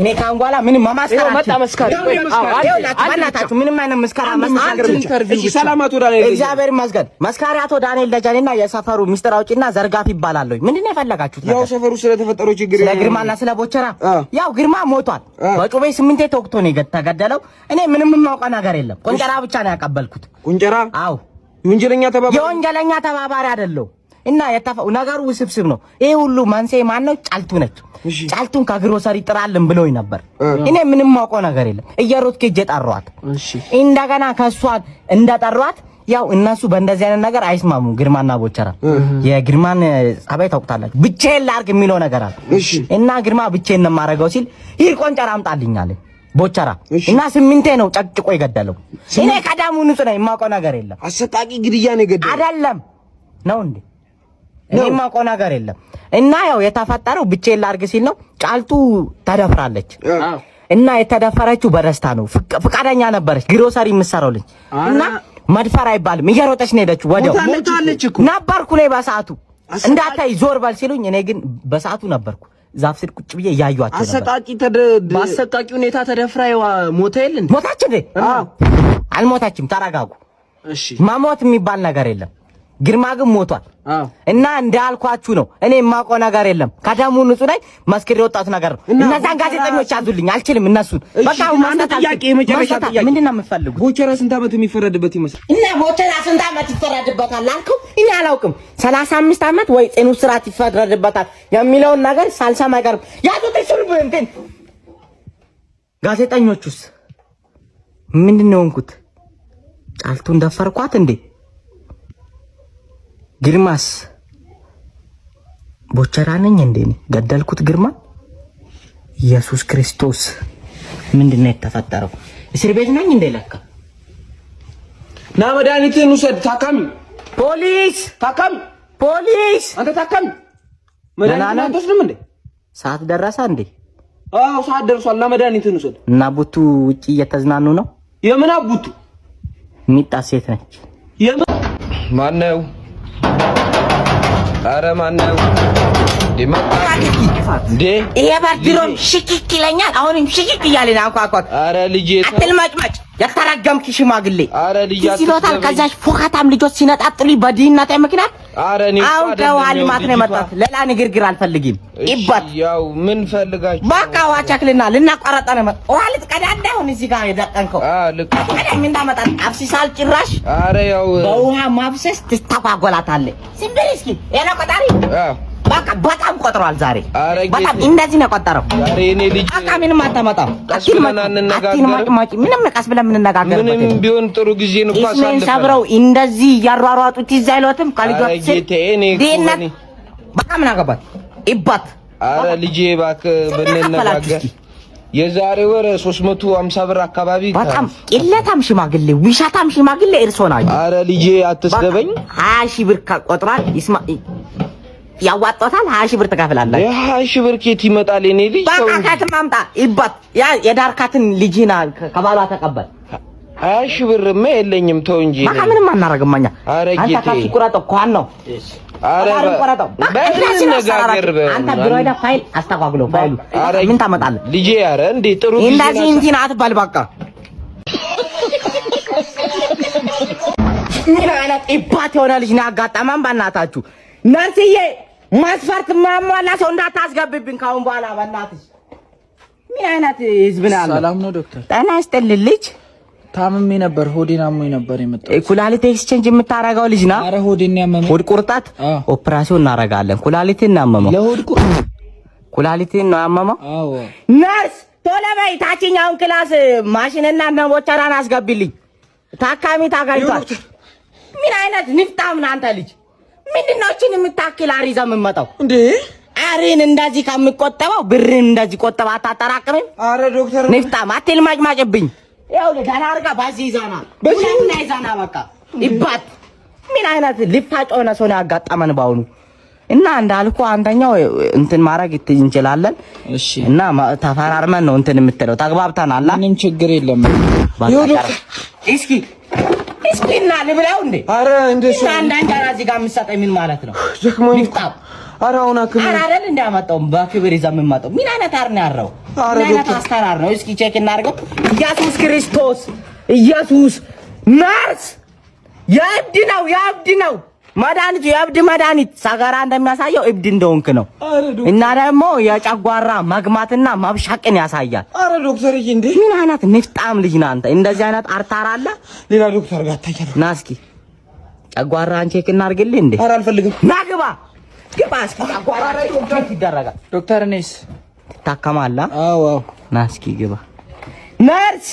እኔ ካሁን በኋላ ምንም ማማስከራ ምንም አይነት መስከራ ማስከራ ሰላማቱ ዳንኤል እግዚአብሔር ይመስገን። መስከራቱ ዳንኤል ደጀኔና የሰፈሩ ሚስጥር አውጪና ዘርጋፊ ይባላል። ምንድን ነው የፈለጋችሁት? ያው ሰፈሩ ስለተፈጠረው ችግር ስለ ግርማና ስለ ቦቸራ ያው ግርማ ሞቷል። በጩቤ ስምንቴ ተወቅቶ ነው ተገደለው። እኔ ምንም የማውቀው ነገር የለም። ቁንጨራ ብቻ ነው ያቀበልኩት። ቁንጨራ አዎ፣ የወንጀለኛ ተባባሪ አይደለሁም። እና ነገሩ ውስብስብ ነው። ይሄ ሁሉ መንስኤ ነው? ጫልቱ ነች። ጫልቱን ከግሮሰሪ ጥራልን ብሎኝ ነበር። እኔ ምንም ማውቀው ነገር የለም። እየሮጥኩ ሄጄ ጠሯት። እንደገና ከሷ እንደጠሯት ያው እነሱ በእንደዚህ አይነት ነገር አይስማሙ። ግርማና ቦቸራ የግርማን ጸባይ ታውቁታላችሁ። ብቻዬን ላድርግ የሚለው ነገር አለ እና ግርማ ብቻዬን ነው የማደርገው ሲል ይህ ቆንጨራ አምጣልኛለ አለ ቦቸራ እና ስምንቴ ነው ጨቅጭቆ የገደለው። እኔ ቀዳሙ ንጹህ ነኝ፣ የማውቀው ነገር የለም። አሰቃቂ ግድያ ነው የገደለው አይደለም ነው እንዴ እኔ የማውቀው ነገር የለም። እና ያው የተፈጠረው ብቼን ላድርግ ሲል ነው። ጫልቱ ተደፍራለች እና የተደፈረችው በደስታ ነው። ፍቃደኛ ነበረች። ግሮሰሪ የምትሰራው ልጅ እና መድፈር አይባልም። እየሮጠች ነው ሄደችው። ወዲያው ነበርኩ እኔ በሰዓቱ እንዳታይ ዞር በል ሲሉኝ፣ እኔ ግን በሰዓቱ ነበርኩ ዛፍ ስር ቁጭ ብዬ እያዩዋቸው ነበር። በአሰቃቂ ሁኔታ ተደፍራ ሞታ የለ እንዴ? ሞታች እንዴ? አልሞታችም። ተረጋጉ። መሞት የሚባል ነገር የለም። ግርማ ግን ሞቷል እና እንዳልኳችሁ ነው። እኔ የማውቀው ነገር የለም። ከደሙ ንጹህ ላይ መስክሬ የወጣሁት ነገር ነው። እነዛን ጋዜጠኞች ያዙልኝ፣ አልችልም። እነሱን በቃ ማንነት ጥያቄ የመጨረሻ ጥያቄ ምንድን ነው የምትፈልጉ? ቦቸራ ስንት ዓመት የሚፈረድበት ይመስል እና ቦቸራ ስንት ዓመት ይፈረድበታል አልከው? እኔ አላውቅም። 35 ዓመት ወይ ጽኑ እስራት ይፈረድበታል የሚለውን ነገር ሳልሰማ አይቀርም። ያዙት እሱን እንትን ጋዜጠኞቹስ ምንድን ነው እንኩት ጫልቱን ደፈርኳት እንዴ? ግርማስ ቦቸራ ነኝ እንዴ? ገደልኩት ግርማ። ኢየሱስ ክርስቶስ ነው የተፈጠረው? እስር ቤት ነኝ እንዴ? ለካ ና መድኃኒትን ውሰድ። ታካሚ ፖሊስ፣ ታካሚ ፖሊስ፣ አንተ ታካሚ መድኃኒትን አትወስድም እንዴ? ሰዓት ደረሰ እንዴ? አዎ ሰዓት ደርሷል። ና መድኃኒትን ውሰድ። እና ቡቱ ውጭ እየተዝናኑ ነው። የምን አቡቱ? ሚጣ ሴት ነች። የምን ማነው? ኧረ ማነው ይሄ ባርድሮም ሽክክ ይለኛል። አሁንም ሽክክ እያለ አንኳኳት። ኧረ ልጄ አትልመጭመጭ የተረገምክ ሽማግሌ አረ ልጅ ሲሎታል። ከዛሽ ፎካታም ልጆች ሲነጣጥሉኝ በድህነቴ ምክንያት አሁን ከውሃ ልማት ነው የመጣሁት። ሌላ ንግግር አልፈልግም። ይባት ምን ፈልጋችሁ በቃ ውሃ ቸክልና ልናቋረጠ ነው። ውሃ ልትቀዳ እንዳይሆን እዚህ ጋር የደቀንከው የምናመጣት አፍሲሳል። ጭራሽ አረ ያው በውሃ ማፍሰስ ትስተጓጎላታለህ። ስንብል ቆጣሪ አ በቃ በጣም ቆጥሯል። ዛሬ በጣም እንደዚህ ነው የቆጠረው። በቃ ምንም አታመጣም። ምንም ቀስ ብለን የምንነጋገርበት ምንም ቢሆን ጥሩ ጊዜ ነው ሰብረው እንደዚህ እያሯሯጡት ይዛ አይሎትም በቃ ምን አገባት ይባት አረ ልጄ እባክህ ብንነጋገር የዛሬ ወር 350 ብር አካባቢ በጣም ቅለታም ሽማግሌ ውሻታም ሽማግሌ እርሶ ናቸው። አረ ልጄ አትስደበኝ። 20 ሺህ ብር ቆጥሯል። ይስማ ያዋጣታል። ሀያ ሺህ ብር ትከፍላለህ። ሀያ ሺህ ብር ኬት ይመጣል? የኔ ልጅ ባካካት ማምጣ ይባት ያ የዳርካትን ልጅና ከባሏ ተቀበል። ሀያ ሺህ ብርማ የለኝም። ተው እንጂ በቃ ምንም አናደርግም እኛ። አንተ ካፍሽ አንተ ቢሮ ሄደህ ፋይል ምን ጥሩ ነው ነርስዬ መስፈርት ማሟላ ሰው እንዳታስገብብኝ ካሁን በኋላ በእናትሽ። ምን አይነት ህዝብ ነው? ሰላም ነው ዶክተር? ጤና ይስጥልኝ። ልጅ ታምሜ ነበር፣ ሆዴን አሞኝ ነበር የመጣሁት። ኩላሊት ኤክስቼንጅ የምታረገው ልጅ ና። ኧረ ሆዴን ያመመኝ ሆድ ቁርጠት ኦፕራሲዮን እናረጋለን። ኩላሊቴን ነው ያመመው፣ ለሆድ ቁርጠት ኩላሊቴን ነው ያመመው። አዎ ነርስ ቶሎ በይ፣ ታችኛውን ክላስ ማሽንና እና አስገቢልኝ። ታካሚ ታጋይቷል። ምን አይነት ንፍጣም አንተ ልጅ ምንድናችን የምታክል አሪዛ የምመጣው እንዴ? አሬን እንደዚህ ከምቆጠበው ብርን እንደዚህ ቆጠበ አታጠራቅምም። አረ ዶክተር ንፍጣም ማጭማጭብኝ። ይኸውልህ ደህና አድርጋ ባዚ ይዛና በሻና ይዛና በቃ ይባት። ምን አይነት ልፋጭ ሆነ ሰው ነው ያጋጠመን በአሁኑ እና እንዳልኩ አንደኛው እንትን ማድረግ እንችላለን። እሺ እና ተፈራርመን ነው እንትን የምትለው አላ ምንም ችግር የለም። እስኪ እስኪና ልብላው እንዴ? አረ እንዴ! አንድ አንጃራ እዚህ ጋር የምትሰጠኝ ምን ማለት ነው? ደክሞኝ እኮ አረ አሁን አክም አረ አይደል እንዳመጣው በክብር ይዛ የምመጣው ምን አይነት አር ነው ያረው? አረ ዶክተር አስተራር ነው። እስኪ ቼክ እናድርገው። ኢየሱስ ክርስቶስ ኢየሱስ ናርስ የእብድ ነው የእብድ ነው መድኃኒቱ የእብድ መድኃኒት ሰገራ እንደሚያሳየው እብድ እንደሆንክ ነው። እና ደግሞ የጨጓራ መግማትና ማብሻቅን ያሳያል። አረ ዶክተር፣ እንዴ ምን አይነት ንፍጣም ልጅ ነህ አንተ! እንደዚህ አይነት አርታራ አለ። ሌላ ዶክተር ጋር ታየለ ና እስኪ ጨጓራ አንቺ ከና አርግልኝ። እንዴ አረ አልፈልግም። ና ግባ፣ ግባ። እስኪ ጨጓራ ላይ ኦፕሬት ይደረጋል። ዶክተር፣ እኔስ ትታከማለህ? አዎ፣ አዎ። ና እስኪ ግባ ነርስ